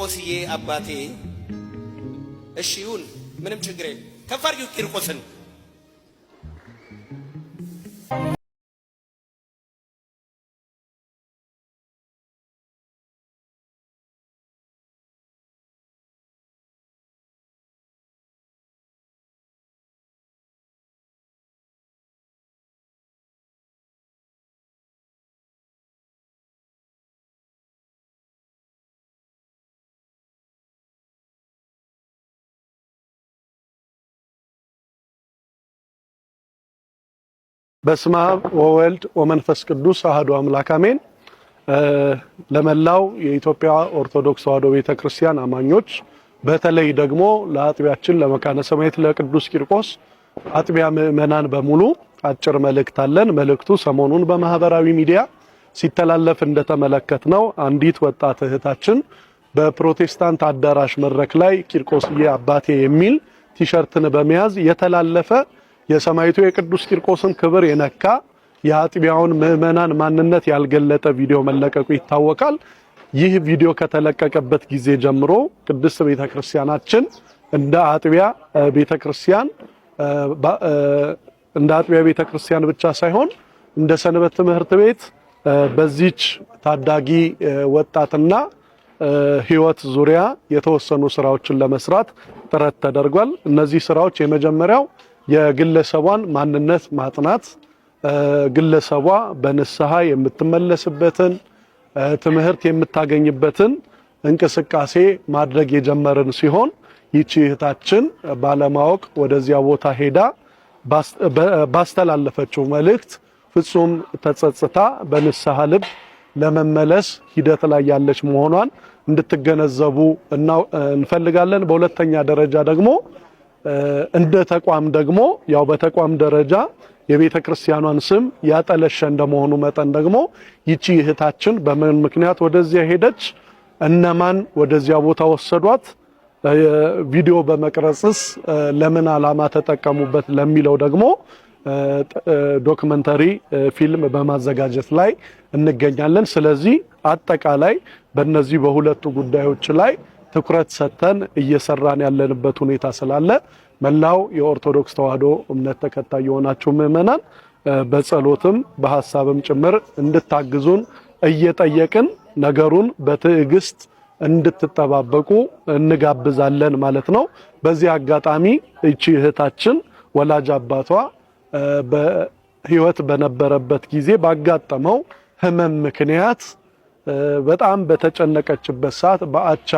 ቂርቆስዬ አባቴ እሺ ይሁን፣ ምንም ችግር የለም። ከፍ አድርጊው ቂርቆስን በስመ አብ ወወልድ ወመንፈስ ቅዱስ አህዶ አምላክ አሜን። ለመላው የኢትዮጵያ ኦርቶዶክስ ተዋሕዶ ቤተክርስቲያን አማኞች በተለይ ደግሞ ለአጥቢያችን ለመካነ ሰማዕት ለቅዱስ ቂርቆስ አጥቢያ ምእመናን በሙሉ አጭር መልእክት አለን። መልእክቱ ሰሞኑን በማህበራዊ ሚዲያ ሲተላለፍ እንደተመለከት ነው። አንዲት ወጣት እህታችን በፕሮቴስታንት አዳራሽ መድረክ ላይ ቂርቆስዬ አባቴ የሚል ቲሸርትን በመያዝ የተላለፈ የሰማይቱ የቅዱስ ቂርቆስን ክብር የነካ የአጥቢያውን ምዕመናን ማንነት ያልገለጠ ቪዲዮ መለቀቁ ይታወቃል። ይህ ቪዲዮ ከተለቀቀበት ጊዜ ጀምሮ ቅድስት ክርስቲያናችን እንደ አጥቢያ ቤተክርስቲያን እንደ አጥቢያ ክርስቲያን ብቻ ሳይሆን እንደ ሰንበት ትምህርት ቤት በዚች ታዳጊ ወጣትና ሕይወት ዙሪያ የተወሰኑ ስራዎችን ለመስራት ጥረት ተደርጓል። እነዚህ ስራዎች የመጀመሪያው የግለሰቧን ማንነት ማጥናት ግለሰቧ በንስሐ የምትመለስበትን ትምህርት የምታገኝበትን እንቅስቃሴ ማድረግ የጀመርን ሲሆን ይቺ እህታችን ባለማወቅ ወደዚያ ቦታ ሄዳ ባስተላለፈችው መልእክት ፍጹም ተጸጽታ በንስሐ ልብ ለመመለስ ሂደት ላይ ያለች መሆኗን እንድትገነዘቡ እንፈልጋለን። በሁለተኛ ደረጃ ደግሞ እንደ ተቋም ደግሞ ያው በተቋም ደረጃ የቤተ ክርስቲያኗን ስም ያጠለሸ እንደመሆኑ መጠን ደግሞ ይቺ እህታችን በምን ምክንያት ወደዚያ ሄደች? እነማን ወደዚያ ቦታ ወሰዷት? ቪዲዮ በመቅረጽስ ለምን ዓላማ ተጠቀሙበት? ለሚለው ደግሞ ዶክመንተሪ ፊልም በማዘጋጀት ላይ እንገኛለን። ስለዚህ አጠቃላይ በእነዚህ በሁለቱ ጉዳዮች ላይ ትኩረት ሰጥተን እየሰራን ያለንበት ሁኔታ ስላለ መላው የኦርቶዶክስ ተዋሕዶ እምነት ተከታይ የሆናችሁ ምእመናን በጸሎትም በሐሳብም ጭምር እንድታግዙን እየጠየቅን ነገሩን በትዕግስት እንድትጠባበቁ እንጋብዛለን ማለት ነው። በዚህ አጋጣሚ እቺ እህታችን ወላጅ አባቷ በሕይወት በነበረበት ጊዜ ባጋጠመው ሕመም ምክንያት በጣም በተጨነቀችበት ሰዓት በአቻ